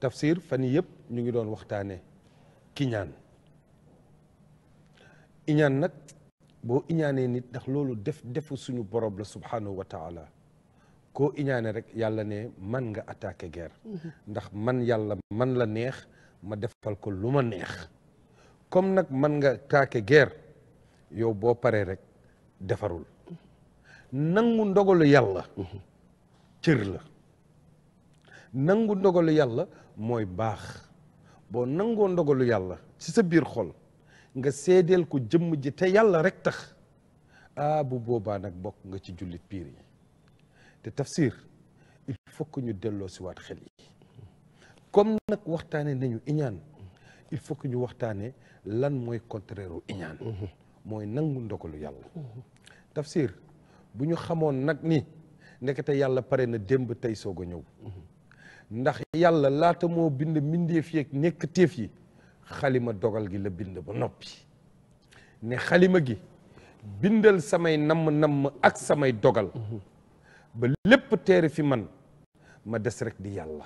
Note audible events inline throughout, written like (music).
tafsir fan yii yëpp ñu ngi doon waxtaanee kiñaan iñaan nag boo iñaanee nit ndax loolu def defu suñu borom la subhanahu wa taala koo iñaane rek yàlla ne man nga attaqué guerre mm-hmm. ndax man yàlla man la neex ma defal ko lu ma neex comme nag man nga attaqué guerre yow boo paree rek defarul mm-hmm. nangu ndogalu yàlla mm-hmm. cër la nangu ndogalu yàlla mooy baax boo nangoo ndogalu yàlla ci sa biir xol nga seedeel ko jëmm ji te yàlla rek tax ah bu boobaa nag bokk nga ci jullit piir yi te tafsir il faut que ñu delloo si waat xel yi comme nag waxtaane nañu iñaan il faut que ñu waxtaane lan mooy contraire u iñaan mooy nangu ndogalu yàlla tafsir bu ñu xamoon nag ni ndekete yàlla pare na ba tey soog a ñëw ndax yàlla laata mo bind mindeef yek nek teef yi khalima dogal gi le bind ba nopi ne khalima gi bindal samay nam nam ak samay dogal ba lépp tere fi man ma dess rek di yàlla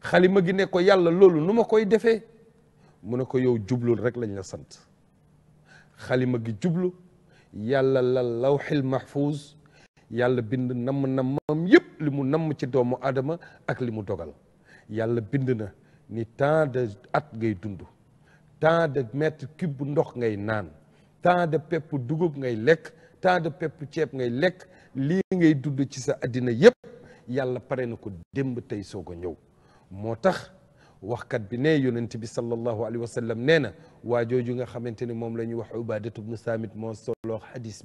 khalima gi ne ko yàlla lolou numa koy defé mu ko yow djublul rek lañ la sante khalima gi djublu yàlla la lawhil mahfuz yàlla bind namm nammam yëpp li mu namm ci doomu aadama ak li mu dogal yàlla bind na ni temps de at ngay dund tant de mètre cube ndox ngay naan tant de pepp dugub ngay lekk tant de pepp ceeb ngay lekk lii ngay dund ci sa àddina yëpp yàlla pare na ko démb tey soog a ñëw moo tax وخكات بني يونت بي الله عليه وسلم نينا واجو جيغا خامتيني موم لا نيو وخ عباده ابن سامت مو صلو حديث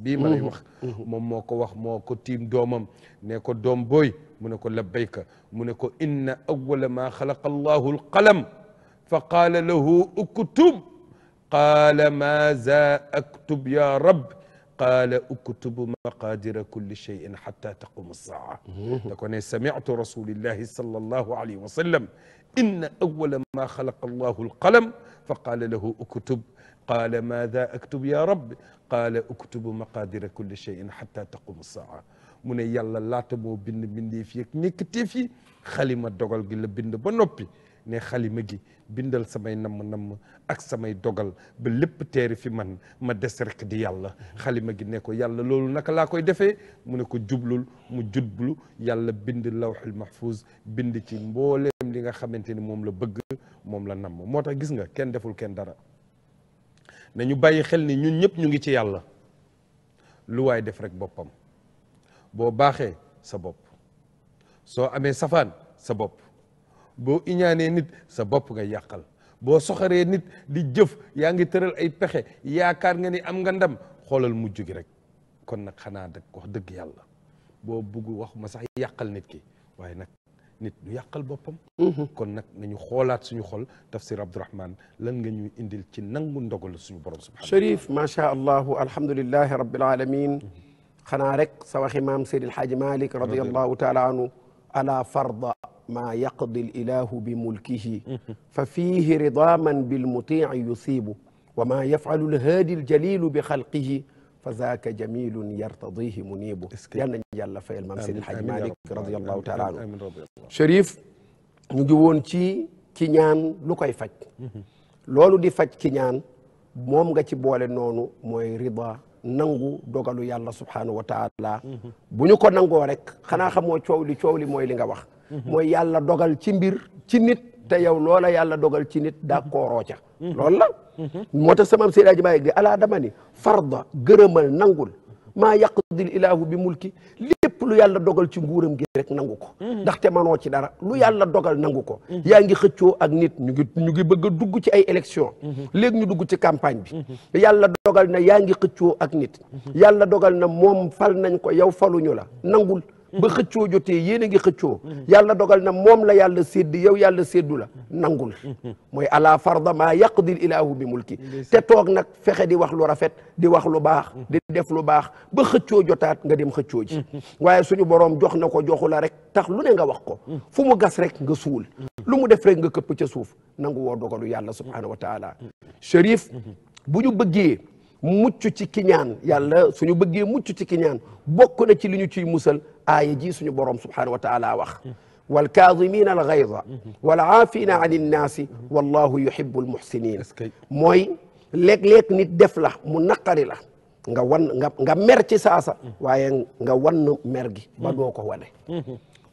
تيم دومم نيكو دوم بوي مونيكو لبيك مونيكو ان اول ما خلق الله القلم فقال له اكتب قال ماذا اكتب يا رب قال اكتب مقادير كل شيء حتى تقوم الساعه لكن سمعت رسول الله صلى الله عليه وسلم إن أول ما خلق الله القلم فقال له اكتب قال ماذا أكتب يا رب قال اكتب مقادير كل شيء حتى تقوم الساعة من يلا لا تبو moo bind bindee fi ak ñëkkatee fi xalima dogal gi la ne xalima gi bindal samay namm-namm ak samay dogal ba lépp teeri fi man ma des rek di yàlla xalima gi ne ko yàlla loolu naka laa koy defee mu ne ko jublul mu jublu yàlla bind lawxul mahfuz bind ci mbooleem li nga xamante ni moom la bëgg moom la namm moo tax gis nga kenn deful kenn dara nañu bàyyi xel ni ñun ñëpp ñu ngi ci yàlla lu waay def rek boppam boo baaxee sa bopp soo amee safaan sa bopp bo iñane nit sa bop nga yakal bo soxaree nit di jëf ya nga teural ay pexe yaakar nga ni am nga ndam xolal mujj gi rek kon nak xana dekk wax deug yàlla bo bugg wax ma sax yakal nit ki waye nak nit du yakal bopam kon nak nañu xolaat suñu xol tafsir abdourahman lan nga ñuy indil ci nangu ndogal suñu borom subhanahu sharif ma sha allah alhamdulillah rabbil alamin xana rek sa waxi maam sayyid alhaj malik radiyallahu taala anhu ala farda ما يقضي الإله بملكه ففيه رضاما بالمطيع يثيبه وما يفعل الهادي الجليل بخلقه فذاك جميل يرتضيه منيبه يعني يلا في الممسل الحج مالك رضي الله تعالى عنه شريف نجوون تي كنيان لكي فج لولو دي فج كنيان موم غتي بوالي نونو موي رضا نانغو دوغالو يالله سبحانه وتعالى بو نيو كو نانغو رك خنا خمو تشاولي تشاولي موي ليغا واخ mooy yàlla dogal ci mbir ci nit te yow loola yàlla dogal ci nit daa kooroo ca la moo tax sama Seydi Hadji Malick di alaa dama ni farda gërëmal nangul maa yaqdil ilaahu bi mulki lépp lu yàlla dogal ci nguuram gi rek nangu ko ndaxte manoo ci dara lu yàlla dogal nangu ko yaa ngi xëccoo ak nit ñu ngi ñu ngi bëgg dugg ci ay élection léegi ñu dugg ci campagne bi yàlla dogal na yaa ngi xëccoo ak nit yàlla dogal na moom fal nañ ko yow faluñu la nangul ba xëccoo jotee yéen a ngi xëccoo yàlla dogal na moom la yàlla sédd yow yàlla séddu la nangul mooy ala farda maa yaqdil ilaahu bi mulki te toog nag fexe di wax lu rafet di wax lu baax di def lu baax ba xëccoo jotaat nga dem xëccoo ji waaye suñu borom jox na ko joxula rek tax lu ne nga wax ko fu mu gas rek nga suul lu mu def rek nga këpp ca suuf nangu woo dogalu yàlla subhanahu wa taala Chérif bu ñu bëggee mucc ci ki ñaan yàlla suñu bëggee mucc ci kiñaan bokk na ci li ñu ciy musal آيجي جيسو بروم سبحانه وتعالى وخ والكاظمين الغيظة والعافين عن الناس والله يحب المحسنين موي ليك ليك نيت ديف لا منقر لا غا وان غا مير سي ساسا واي غا وان مير غي با دوكو واني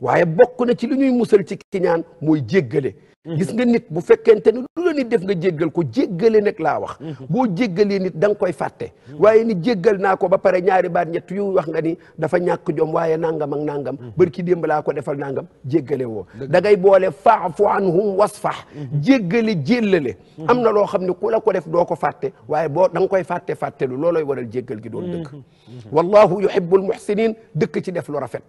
واي بوكو نتي لي نوي موسل تي كنيان موي جيغلي gis mhm. nga nit bu fekkente ne lu la nit def nga jéggal ko jéggale nag laa wax mhm. boo jéggalee nit da nga koy fàtte mhm. waaye ni jéggal naa ko ba pare ñaari baat ñett yu wax nga ni dafa ñàkk jom waaye nangam ak nangam bër ki démb laa ko defal nangam jéggale woo da ngay boole faafu was wasfax jéggale jéllale am na loo xam ne ku la ko def doo ko fàtte waaye boo da nga koy fàtte fàttelu looloy waral jéggal gi doon dëkk wallahu yuhibbul muhsinin dëkk ci def lu rafet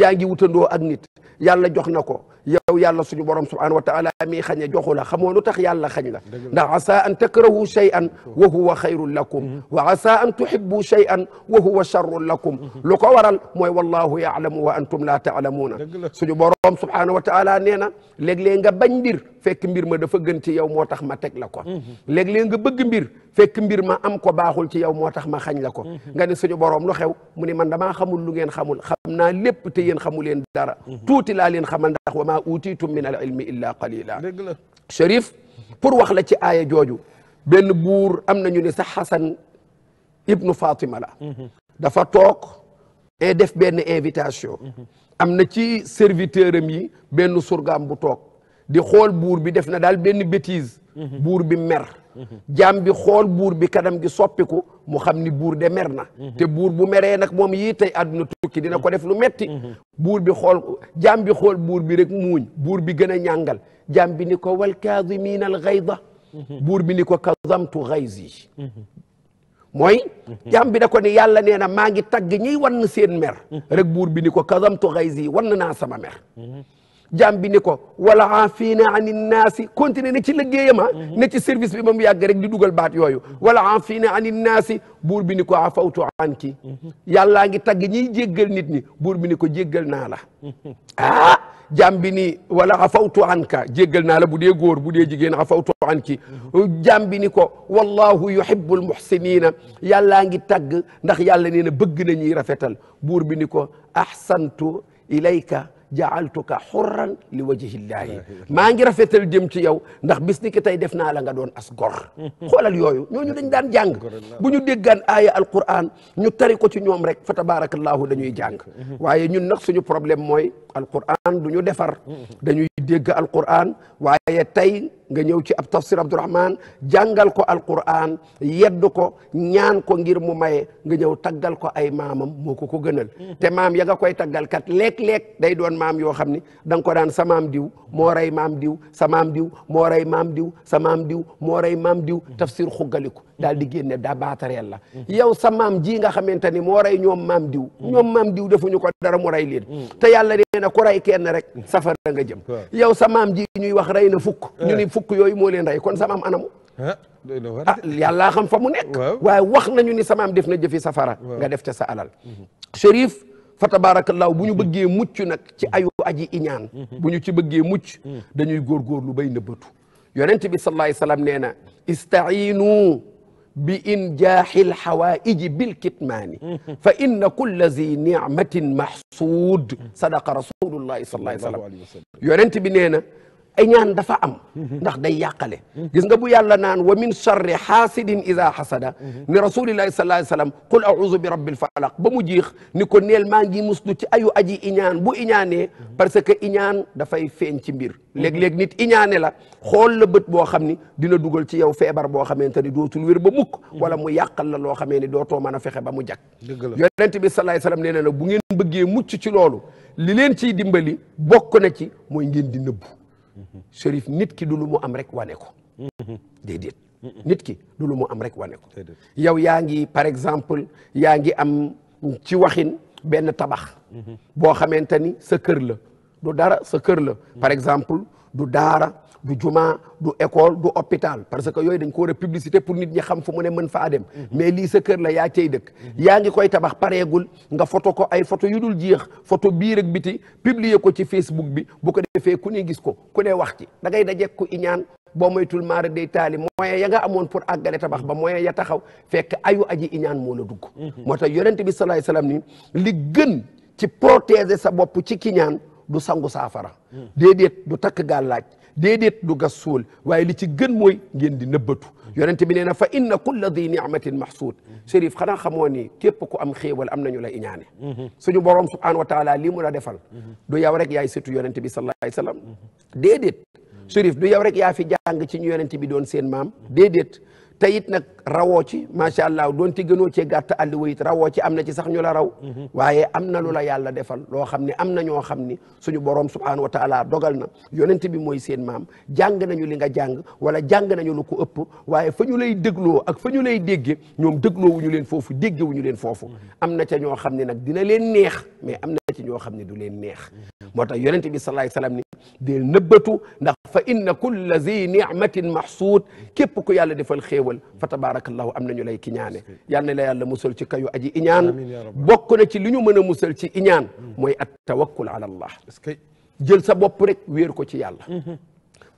yaa ngi ak nit yàlla jox na ko yow yàlla suñu borom subhanahu wa taala mii xañe joxu la xamoo lu tax yàlla xañ la ndax asa an takrahu shay'an wa huwa xayrun lakum wa asa an tuhibbu shay'an wa huwa sharrun lakum lu ko waral mooy wallahu yaalamu wa antum la taalamuuna suñu borom subhanahu wa taala nee na leeg nga bañ mbir fek mbir ma dafa gën ci yow motax ma tek la ko léeg-léeg nga bëgg mbir fek mbir ma am ko baxul ci yow motax ma xañ la ko nga ni suñu borom lu xew mu man dama xamul lu ngeen xamul xamna lépp te yéen xamulen dara tuti la leen xamal ndax wa أوتيتم من العلم إلا قليلا شريف بور واخ لا آية جوجو بن بور أمنا نيوني سا حسن ابن فاطمة لا دافا توك اي ديف بن انفيتاسيون أمنا تي سيرفيتور مي بن سورغام بو توك دي خول بور بي ديفنا دال بن بيتيز بور بي مير jaam bi xool buur bi kanam gi soppiku mu xam ni buur de mer na te buur bu meree nag moom yii tey àdduna tukki dina ko def lu metti buur bi xool jaam bi xool buur bi rek muuñ buur bi gën a ñàngal jaam bi ni ko wal kaazimiina al gayda buur bi ni ko kazamtu gayzi mooy jaam bi da ko ni yàlla nee na maa ngi tagg ñiy wann seen mer rek buur bi ni ko kazamtu gayzi wann naa sama mer jaam bi ne ko wala aafina ani naasi continué ne ci liggéeyam ah, mhm. ne ci service bi ba mu yàgg rek di dugal baat yooyu wala aafina ani naasi buur bi ni ko afawtu anki mhm. yàllaa ngi tagg ñiy jéggal nit ñi buur bi ni ko jéggal naa la ah jaam bi ni wala afawtu anka jéggal naa la bu dee góor bu dee jigéen afawtu anki jaam bi ni ko wallahu yuhibbul muhsinina yàllaa ngi tagg ndax yàlla nee na bëgg na ñuy rafetal buur bi ni ko ahsantu ilayka jaaltuka xurran li wajhillahi maa ngi rafetal jëm ci yow ndax bis ni ki tey def naa la nga doon as gor (laughs) xoolal yooyu ñooñu dañ daan jàng bu ñu déggaan aaya alquran ñu tari ko ci ñoom rek fa tabarakallahu dañuy jàng (laughs) waaye ñun nag suñu problème mooy alquran du ñu defar (laughs) dañuy dégg alquran waaye tey nga ñëw ci ab tafsir abdourahman jàngal ko alquran yeddu ko ñaan ko ngir mu maye nga ñëw taggal ko ay maamam moo ko ko gënal te maam ya nga koy taggal kat léeg-léeg day doon maam yoo xam ni da nga ko daan sa maam diw moo rey maam diw sa maam diw moo rey maam diw sa diw moo rey maam diw tafsir xuggaliko daal di génne daa baatareel la yow sa maam ji nga xamante ni moo rey ñoom maam diw ñoom maam diw defuñu ko dara mu rey leen mm. te yàlla nee na ku rey kenn rek safara nga jëm yow samaam ji ñuy wax rey na fukk ñu fukk yooyu moo leen rey kon sa ana anamu ah yàllaa xam fa mu nekk waaye wax nañu ni sa def na jëfi safara nga def ca sa alal mm-hmm. Chérif fa tabaarakallaahu bu ñu bëggee mucc nag ci ayu aji iñaan mm-hmm. bu ñu ci bëggee mucc mm. dañuy góorgóorlu bay nëbbatu yonent bi sallallaahu alayhi wa nee na بإنجاح الحوائج بالكتمان (laughs) فإن كل ذي نعمة محسود صدق رسول الله صلى الله عليه وسلم يونت بنينا ay ñaan dafa am ndax day yàqale gis nga bu yàlla naan wa min charri xaasidin ida xasada ni rasulillahi sallallahu alayhi wasallam qul auzu bi rabbil falaq ba mu jiix ni ko neel maa ngi muslu ci ayu aji iñaan bu iñaanee parce que iñaan dafay feeñ ci mbir léeg-léeg nit iñaane la xool la bët boo xam ni dina dugal ci yow feebar boo xamante ni dootul wér ba mukk wala mu yàqal la loo xamee ni dootoo mën a fexe ba mu jag yonent bi sallallahu alayhi wasallam nee na bu ngeen bëggee mucc ci loolu li leen ciy dimbali bokk na ci mooy ngeen di nëbbu Chérif nit ki du lu am rek wane ko déedéet nit ki du mu am rek wane ko yow yaa ngi par exemple yaa ngi am ci waxin benn tabax mhm. boo xamante ni sa kër la du dara sa kër la par exemple du daara du jumaa du école du hôpital parce que yooyu dañ ko war a publicité pour nit ñi xam fu mu ne mën faa dem mhm. mais lii sa kër la yaa cay dëkk mhm. yaa ngi koy tabax pareegul nga foto ko ay photo yu dul jeex photo biir ak biti publier ko ci Facebook bi bu ko defee ku ne gis ko ku ne wax ci da ngay daje ku iñaan boo moytul maara day taali moyen ya nga amoon pour àggale tabax ba moyen ya taxaw fekk ayu aji iñaan moo la dugg mhm. moo tax yonent bi salaay salaam ni li gën ci protéger sa bopp ci kiñaan du sangu saafara déedéet du takk gàllaaj déedéet du gas suul waaye li ci gën mooy ngeen di nëbbatu yonent bi nee na fa inna kulla di ni'matin mahsuud Chérif xanaa xamoo ni képp ku am xéewal am nañu la iñaane suñu borom subhanahu wa taala lii defal du yow rek yaay sëtu yonent bi sallallahu alayhi wa sallam déedéet Chérif du yow rek yaa fi jàng ci ñu yonent bi doon seen maam déedéet ta it nag rawoo ci macha allah doonte gënoo cee gàtt àll wayit rawoo ci am na ci sax ñu la raw mhm. waaye am na lu la yàlla defal loo xam ne am na ñoo xam ni suñu borom subhanahu wa taala dogal na yonent bi mooy seen maam jàng nañu li nga jàng wala jàng nañu lu ko ëpp waaye fa ñu lay dégloo ak fa ñu lay dégge ñoom dégloo wu ñu leen foofu dégge wu ñu leen foofu mhm. am na ca ñoo xam ne nag dina leen neex mais am na ci ñoo xam ne du leen neex mhm. moo tax yonent bi sallallahu ni دي نبتو نخ فإن كل ذي نعمة محصود كيف كو يالا دي فالخيول فتبارك الله أمنا نيو لأي كنياني يالا لأي الله مسل تي كيو أجي إنيان بوكونا تي لنيو من مسل تي إنيان موي التوكل على الله جل سبوب ريك وير كو تي يالا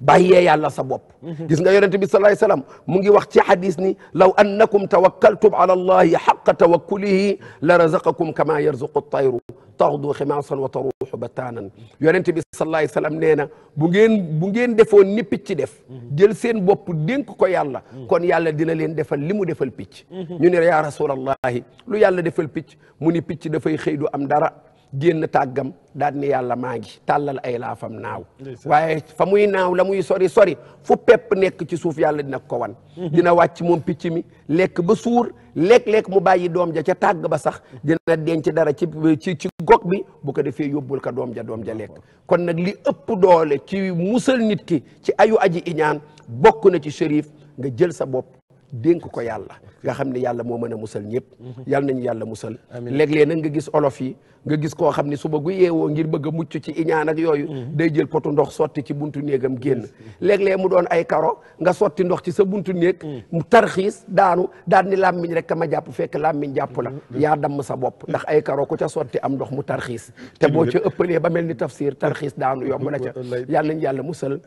باية يالا سبوب جيس نيو رنت بي صلى الله عليه وسلم مونجي وقت حديث ني لو أنكم توكلتم على الله حق توكله لرزقكم كما يرزق الطير تغدو خماصا وتروح بتانا يونتي بي صلى الله عليه وسلم نينا بوغين بوغين ديفو ني بيتي ديف ديل سين بوب دينك كو يالا كون يالا دينا لين ديفال ليمو ديفال بيتي ني يا رسول الله لو يالا ديفال بيتي موني بيتي دا فاي خيدو ام دارا génn tàggam daal ni yàlla maa ngi tàllal ay laafam naaw waaye fa muy naaw la muy sori sori fu pepp nekk ci suuf yàlla dina ko wan mhm. dina wàcc moom picc mi lekk ba suur lekk-lekk mu bàyyi doom ja ca tàgg ba sax dina denc dara ci ci ci gog bi bu ko defee yóbbul ka doom ja doom ja lekk kon nag li ëpp doole ci musal nit ki ci ayu aji iñaan bokk na ci shérif nga jël sa bopp dénk ko yàlla nga xam ne yàlla moo mën a musal ñëpp mhm. yàlla nañu yàlla musal léeg-léeg nag nga gis olof yi nga gis koo xam ne suba gu yeewoo ngir bëgg a mucc ci iñaan ak yooyu mhm. day jël potu ndox sotti ci buntu néegam génn léeg-léeg mu doon ay karo nga sotti ndox ci sa buntu néeg mm. mu tarxiis daanu daan ni làmmiñ rek a jàpp fekk làmmiñ jàpp la mm-hmm. yaa damm sa bopp ndax ay karo ku ca sotti am ndox mu tarxiis te boo ca ëppalee ba mel ni tafsir tarxiis daanu yomb na ca (laughs) yàlla yàlla musal